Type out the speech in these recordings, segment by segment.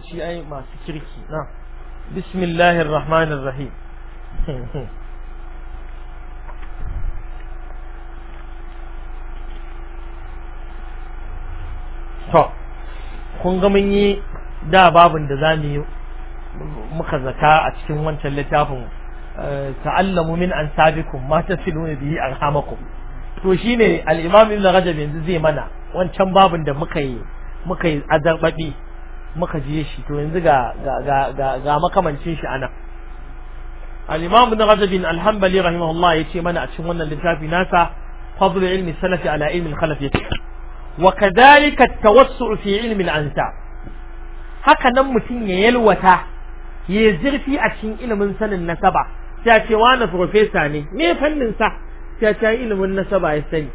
kiristoci ai masu kirki na bismillahir rahmanir rahim to kun ga mun yi da babin da zamu yi muka zaka a cikin wancan littafin eh, ta'allamu min ansabikum ma tasiluna bihi arhamakum to shine al-imam ibn rajab yanzu zai mana wancan babin da muka yi muka yi azarbabi muka je shi to yanzu ga ga ga ga makamancin shi anan al-imam ibn rajab bin al-hanbali rahimahullah yace mana a cikin wannan littafi nasa fadlu ilmi salafi ala ilmi al-khalaf yace wa kadhalika at-tawassu' fi ilmi al ansa. haka nan mutum ya yalwata ya zirfi a cikin ilimin sanin nasaba Ya a ce wani profesa ne me fannin sa sai ta ilimin nasaba ya sani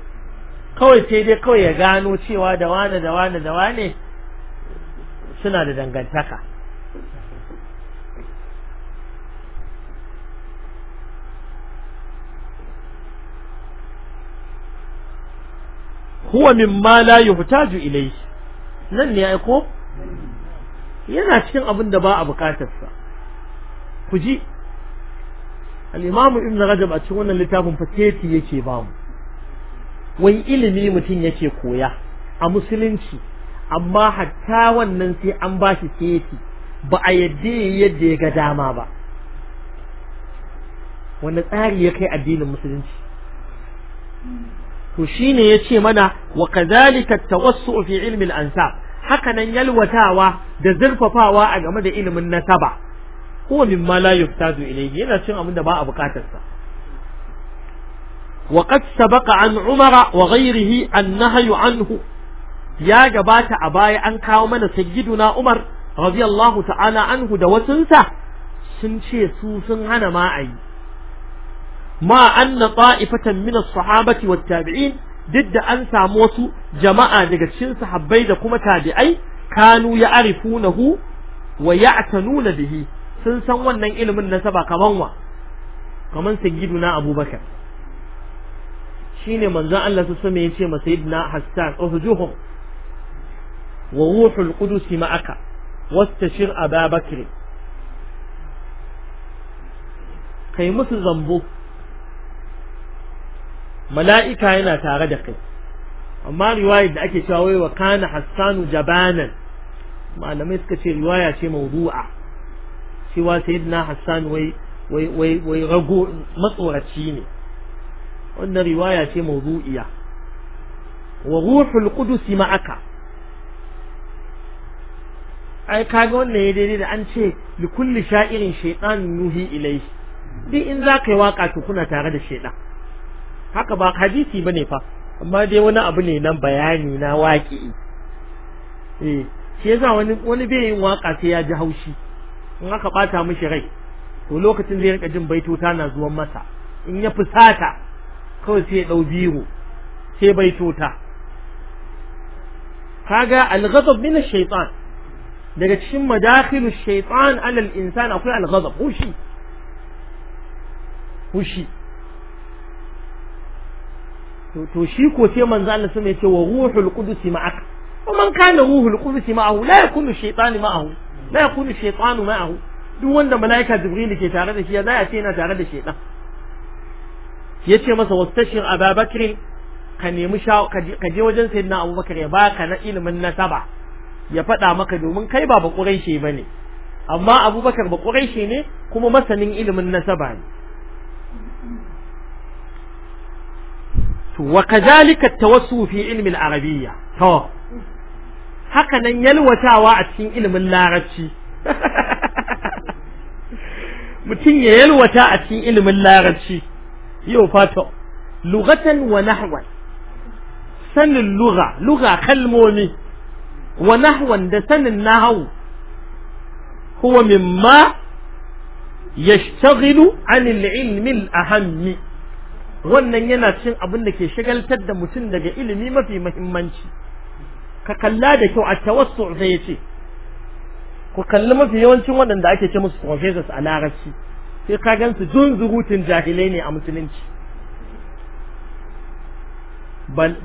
kawai sai dai kawai ya gano cewa da wane da wane da wane suna da dangantaka huwa ma la yuhtaju ilayhi nan ne aiko yana cikin abin da ba a bukatarsa ku ji al-imam ibn rajab a cikin wannan littafin fatati yake ba mu wani ilimi mutum yake koya a musulunci amma hatta wannan sai an ba shi keti ba a yadda yadda ya ga dama ba wanda tsari ya kai addinin musulunci to shine ce mana wa kadhalika at-tawassu fi ilmi al ansa, haka nan yalwatawa da zurfafawa a game da ilimin nasaba huwa mimma la yuftadu ilayhi yana cin abin da ba a bukatar sa wa qad sabaqa an umara wa ghayrihi an-nahyu anhu ya gabata a baya an kawo mana sayyiduna Umar radiyallahu ta'ala anhu da wasunsa sun ce su sun hana ma ayi ma anna ta'ifatan min as-sahabati wat-tabi'in duk an samu wasu jama'a daga cikin sahabbai da kuma tabi'ai kanu ya'rifunahu wa ya'tanuna bihi sun san wannan ilimin nasaba kaman wa kaman sayyiduna Abubakar shine manzon Allah sallallahu alaihi wasallam yace ma sayyidina Hassan uhujuhum wa ruhul qudus ma'aka wastashir aba bakr kai musu zambo mala'ika yana tare da kai amma riwayar da ake cewa wai wa kana hassanu jabanan malamai suka ce riwaya ce mawdu'a cewa sayyidina hassan wai wai wai wai rago matsoraci ne wannan riwaya ce mawdu'iya wa ai kaga wannan ya daidai da an ce li kulli sha'irin shaytan nuhi ilayhi duk in za ka yi waka to kuna tare da shaytan haka ba hadisi bane fa amma dai wani abu ne nan bayani na waki eh shi yasa wani wani bai yin waka sai ya ji haushi in aka bata mishi rai to lokacin zai rika jin baitota na zuwan masa in ya fusata kawai sai ya dau biro sai baitota kaga al-ghadab min ash-shaytan daga cikin madakhilu shaytan alal insan akwai al-ghadab hushi hushi to shi ko sai manzo Allah sai ya wa ruhul qudus ma'aka ومن كان روح القدس معه لا يكون الشيطان معه لا يكون الشيطان معه duk wanda malaika jibril ke tare da shi ya zai ce yana tare da shaitan yace masa wastashir ababakr ka nemi ka je wajen sayyidina abubakar ya baka na ilimin nasaba ya faɗa maka domin kai ba ba shi ba ne amma abubakar ba shi ne kuma masanin ilimin nasaba ne wa kazalika tawassu fi ilmin arabiyya to haka nan yalwatawa a cikin ilimin larabci mutum ya yalwata a cikin ilimin larabci yau Fato. lugatan wa nahwan sanin lugha lugha kalmomi wa nahwan da sanin nahawu huwa mimma yashtaghilu anil ilmi al-ahammi wannan yana cin abin da ke shagaltar da mutum daga ilimi mafi muhimmanci ka kalla da kyau a tawassu zai ce ku kalli mafi yawancin waɗanda ake ce musu professors a larabci sai ka gan su jun zurutun jahilai ne a musulunci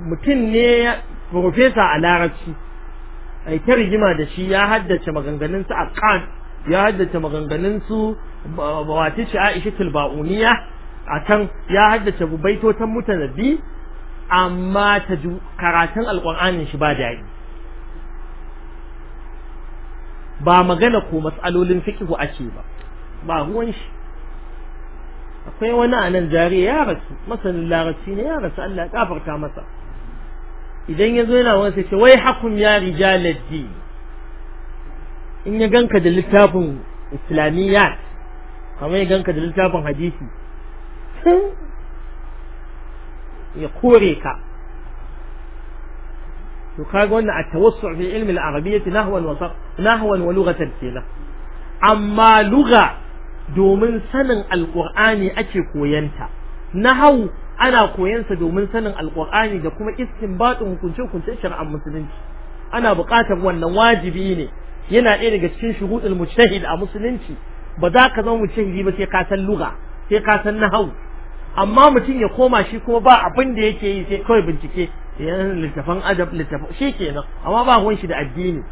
mutum ne profesa a larabci ai ta rigima da shi ya haddace maganganun su kan ya haddace maganganun su wata ce Aisha tilbauniya a can ya haddace baitotan mutanabbi amma ta karatun alqur'anin shi ba daɗi ba magana ko matsalolin fiqhu ake ba ba ruwan shi akwai wani a nan jariya ya rasu masanin larabci ne ya rasu Allah ya kafarta masa idan ya zo yana wani sai ce wai hakun ya rijalati in ya ganka da littafin islamiyya kamar ya ganka da littafin hadisi ya kore ka to kaga wannan a tawassu fi ilmi al-arabiyyah nahwan wa nahwan wa lughatan kenan amma lugha domin sanin alqur'ani ake koyanta nahwu ana koyansa domin sanin alqur'ani da kuma istinbatin hukunce hukuncen shari'ar musulunci ana buƙatar wannan wajibi ne yana ɗaya daga cikin shuhudul mujtahid a musulunci ba za ka zama mujtahidi ba sai ka san lugha sai ka san nahawu amma mutum ya koma shi kuma ba abin da yake yi sai kawai bincike yan littafan adab littafan shi kenan amma ba wani shi da addini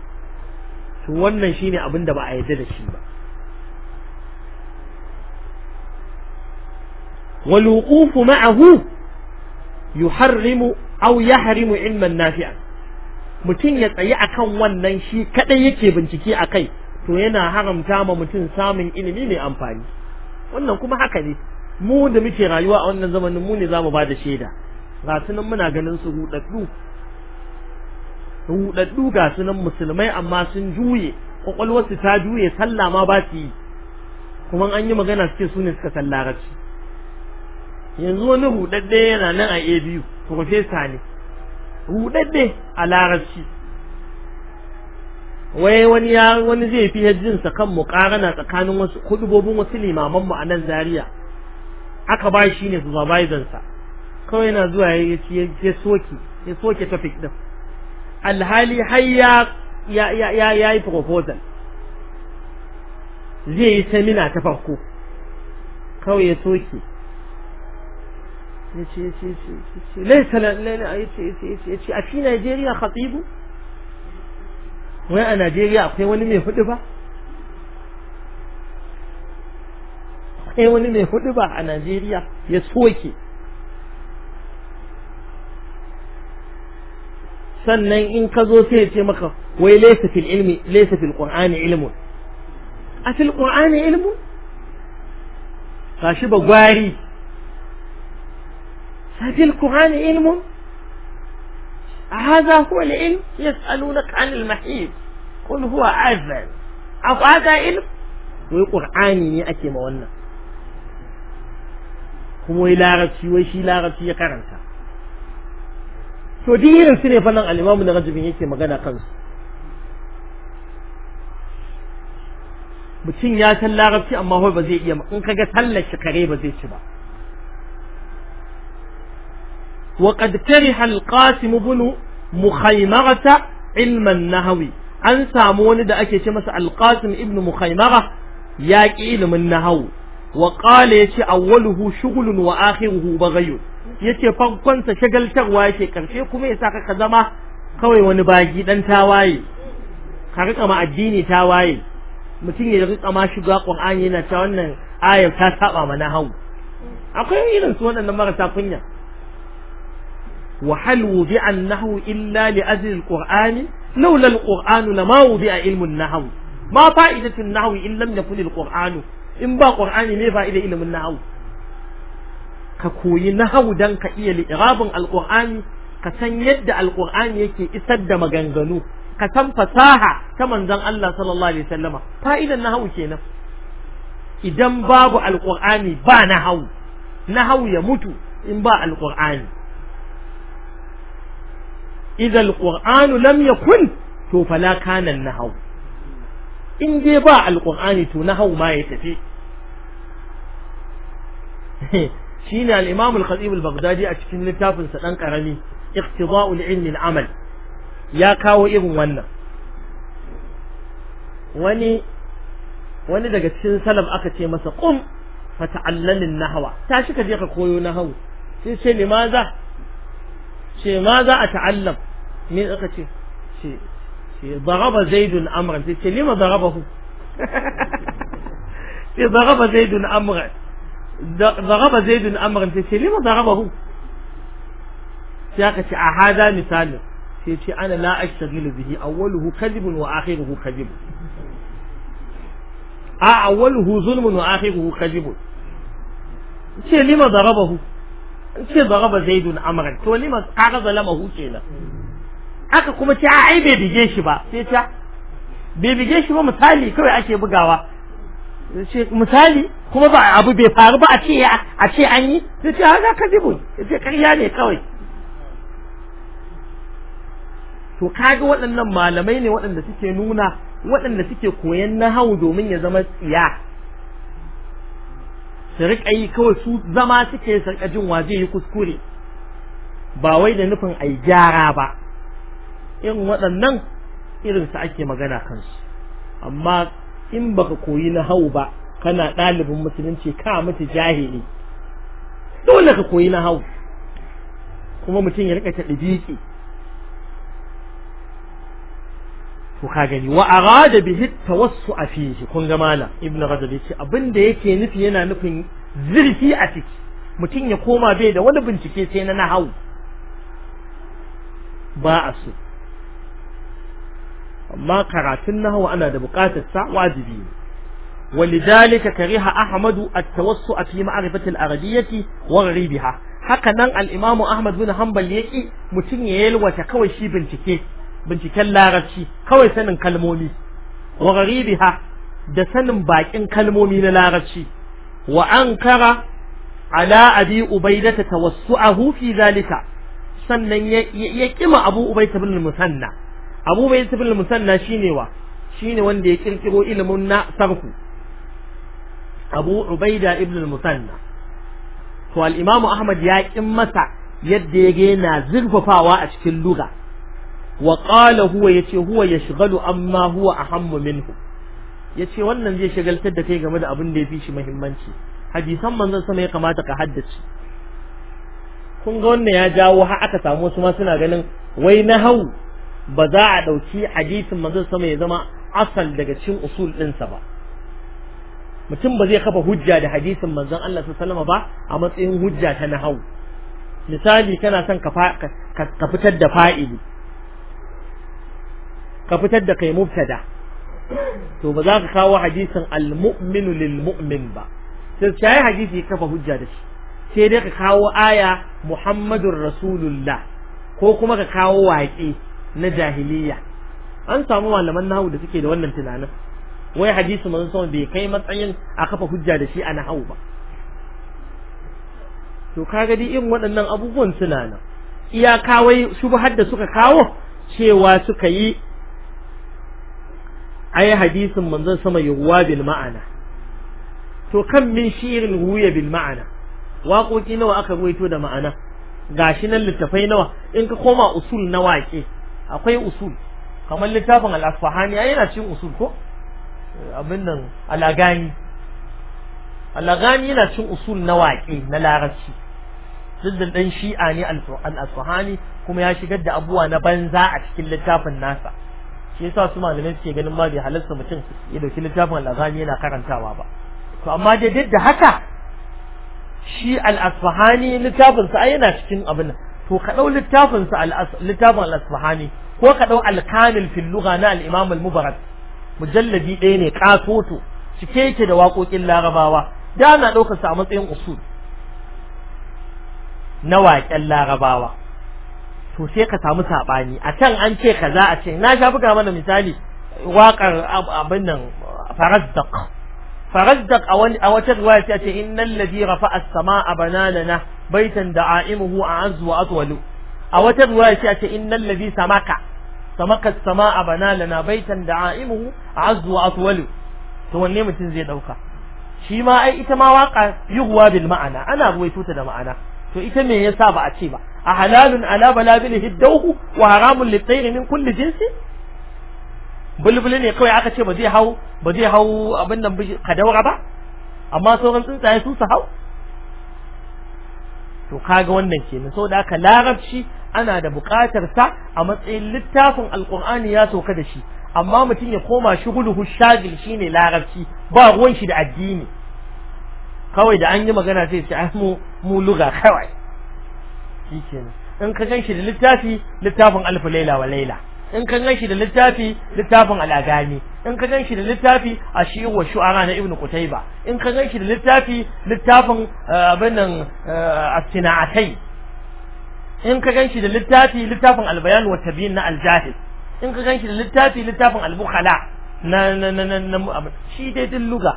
to wannan shine abin da ba a yarda da shi ba والوقوف معه يحرم أو يحرم علما نافعا mutum ya tsayi akan wannan shi kaɗai yake bincike a kai to yana haramta ma mutum samun ilimi mai amfani wannan kuma haka ne mu da muke rayuwa a wannan zamanin mu ne zamu ba da shaida ga sunan muna ganin su hudaddu hudaddu ga sunan musulmai amma sun juye kwakwalwarsu ta juye sallah ma ba su yi kuma an yi magana suke su ne suka sallararci yanzu wani hudadde yana nan a ABU profesa ne hudadde a larabci wai wani ya wani zai fi hajjinsa sa kan mukarana tsakanin wasu kudubobin wasu limaman mu a nan Zaria aka ba shi ne supervisor sa kawai yana zuwa ya ya soke ya soke topic din alhali har ya ya yi proposal zai yi seminar ta farko kawai ya soke ليس yace a fi Najeriya khatibu wai a Najeriya akwai wani mai hudu ba akwai wani mai hudu ba a Najeriya ya soke sannan in ka zo sai ya ce maka wai laysa fil ilmi laysa fil qur'ani ilmun a fil qur'ani ilmun kashi ba gwari ففي القرآن علم هذا هو العلم يسألونك عن المحيط قل هو أذن أو هذا علم وقرآني ne ake ma wannan kuma wai larabci wai shi larabci ya karanta to duk irin su ne fannin alimamu na rajabin yake magana kansu mutum ya san larabci amma wai ba zai iya in kaga tallace kare ba zai ci ba وقد كره القاسم بن مخيمرة علم النهوي an samu wani da ake ce masa alqasim ibn mukhaymara ya ki ilimin nahawu wa qala yace awwaluhu shughlun wa akhiruhu baghayun yace farkon sa shagaltarwa yake karshe kuma ya saka ka zama kawai wani bagi dan tawaye ka rika ma addini tawaye mutum ya rika ma shiga qur'ani yana ta wannan ayar ta saba ma nahawu akwai irin su waɗannan marasa kunya وهل وضع النحو إلا لأجل القرآن لولا القرآن لما وضع علم النحو ما فائدة النحو إن لم يكن القرآن إن با قرآن ما فائدة علم النحو ككوي نحو دان كإيا لإغاب القرآن كسن يد القرآن يكي إسد مغنغنو كسن فساحة كمن زن الله صلى الله عليه وسلم فائدة النحو كينا إذا باب القرآن با نحو نحو يموت إن با القرآن idza alqur'anu lam yakun to fala kana an hau. in dai ba Alƙur'ani to nahw ma ya tafi shine al-imam al-khatib a cikin littafinsa ɗan ƙarami, karami iqtida'ul amal ya kawo irin wannan wani daga cikin salaf aka ce masa qum fata'allalin nahwa tashi ka je ka koyo nahwu sai ce limaza ce ma za a ta'allam me aka ce ce ce daraba zaidun amran ce lima darabahu ce daraba zaidun amran daraba zaidun amran ce ce lima darabahu sai aka ce a hada misalin sai ce ana la ashtaghilu bihi awwaluhu kadibun wa akhiruhu kadhibun a awwaluhu zulmun wa akhiruhu kadhibun ce lima darabahu an ce zaraba zaidun amran to ni ma kaga zalama hu kenan aka kuma ce ai bai bige shi ba sai ta bai bige shi ba misali kawai ake bugawa ce misali kuma ba abu bai faru ba a ce a ce an yi sai ce haka kadibun sai karya ne kawai to kaga waɗannan malamai ne waɗanda suke nuna waɗanda suke koyan nahawu domin ya zama tsiya su riƙa yi kawai su zama suke su waje jin wa yi kuskure ba wai da nufin ai gyara ba irin waɗannan irin su ake magana kansu amma in baka koyi na hau ba kana ɗalibin musulunci ka mutu jahili dole ka koyi na hau kuma mutum ya rika ta ɗibiki ku ka gani wa arada bihi tawassu a fihi kun ga malam ibnu rajab yace abin da yake nufi yana nufin zirfi a ciki mutum ya koma bai da wani bincike sai na nahawu ba a so amma karatun nahawu ana da buƙatar sa wajibi ne ولذلك كره أحمد التوسع في معرفة الأغلية وغريبها haka nan al'imamu Ahmad bin Hanbal ya mutum ya yalwata kawai shi bincike binciken larabci kawai sanin kalmomi wa gharibiha da sanin bakin kalmomi na larabci wa ankara ala abi ubaidata tawassu'ahu fi zalika sannan ya kima abu ubaida bin musanna abu ubaida bin musanna shine wa shine wanda ya kirkiro ilimin na sarku. abu ubaida ibn musanna to al ahmad ya kin masa yadda ya ga yana zurfafawa a cikin lugha wa qala huwa yace huwa yashghalu amma huwa a ahammu minhu yace wannan zai shagaltar da kai game da abin da ya yafi shi muhimmanci hadisan manzon sama ya kamata ka haddace kun ga wannan ya jawo har aka samu wasu ma suna ganin wai na hau ba za a ɗauki hadisin manzon sama ya zama asal daga cikin usul ɗinsa ba mutum ba zai kafa hujja da hadisin manzon Allah sallallahu ba a matsayin hujja ta na hau. misali kana son ka fitar da fa'ili ka fitar da kai mubtada to ba za ka kawo hadisin almuminu muminu lil mu'min ba sai sai hadisi kafa hujja da shi sai dai ka kawo aya Muhammadur Rasulullah ko kuma ka kawo waƙe na jahiliya an samu malaman nahawu da suke da wannan tunanin wai hadisi mun sama bai kai matsayin a kafa hujja da shi a nahawu ba to kaga dai irin waɗannan abubuwan suna nan iyaka wai shubhar da suka kawo cewa suka yi ai hadisin manzon sama yuwa bil ma'ana to kan min shirin ruya bil ma'ana waƙoƙi nawa aka ruwaito da ma'ana gashi nan littafai nawa in ka koma usul na waƙe akwai usul kamar littafin al-asfahani ai yana cin usul ko abin nan alagani alagani yana cin usul na waƙe na larabci duk da dan shi'a ne al kuma ya shigar da abuwa na banza a cikin littafin nasa shi yasa su malamai suke ganin ma bai halarta mutum ya dauki littafin al'azami yana karantawa ba to amma dai duk da haka shi al'asfahani littafin sa yana cikin abin to ka dau littafin sa littafin al'asfahani asfahani ko ka dau al-kamil fil lugha na al-imam al-mubarak mujalladi ɗaya ne katoto cike yake da waƙoƙin larabawa da na ɗaukar sa a matsayin usul na waƙen larabawa to sai ka samu sabani a can an ce kaza a ce na sha buga mana misali waƙar abin nan farazdaq farazdaq a wani a wata riwaya sai a ce innal ladhi rafa'a as-samaa banalana baitan da'aimuhu a'azzu wa atwalu a wata riwaya sai a ce innal ladhi samaka samaka as-samaa banalana baitan da'aimuhu a'azzu wa atwalu to wanne mutum zai dauka shi ma ai ita ma waka yuhuwa bil ma'ana ana ruwaito ta da ma'ana to ita me yasa ba a ce ba a halalun ala balabil hiddahu wa haramun litayri min kulli jinsi bulbul ne kawai aka ce ba zai hau ba zai hau abin nan kadaura ba amma sauran tsuntsaye su su hau to kaga wannan kenan saboda haka larabci ana da buƙatar sa a matsayin littafin alqur'ani ya soka da shi amma mutum ya koma shi shuguluhu shagil shine larabci ba ruwan shi da addini kawai da an yi magana sai ce ai mu mu kawai shikenan in ka ganshi da littafi littafin alfu laila wa laila in ka ganshi da littafi littafin al'agani in ka ganshi da littafi ashir wa shu'ara na ibnu qutayba in ka ganshi da littafi littafin eh, abin nan eh, in ka ganshi da littafi littafin al wa tabyin na aljahil in ka ganshi da littafi littafin al-bukhala na na na na shi dai din luga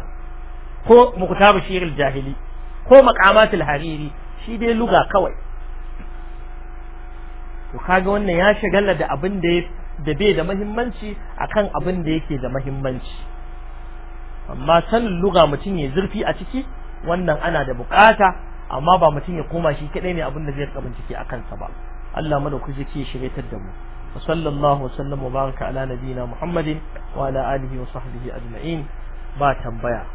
ko muqtabu shiril jahili ko maqamatul hariri shi dai luga kawai to kaga wannan ya shagala da abin da da bai da muhimmanci akan abin da yake da muhimmanci amma sanin lugha mutum ya zurfi a ciki wannan ana da bukata amma ba mutum ya koma shi kadai ne abin da zai rika bincike akan sa ba Allah madaukaki ke shiryatar da mu wa baraka ala muhammadin muhammadin wa ala alihi wa sahbihi ajma'in ba tambaya.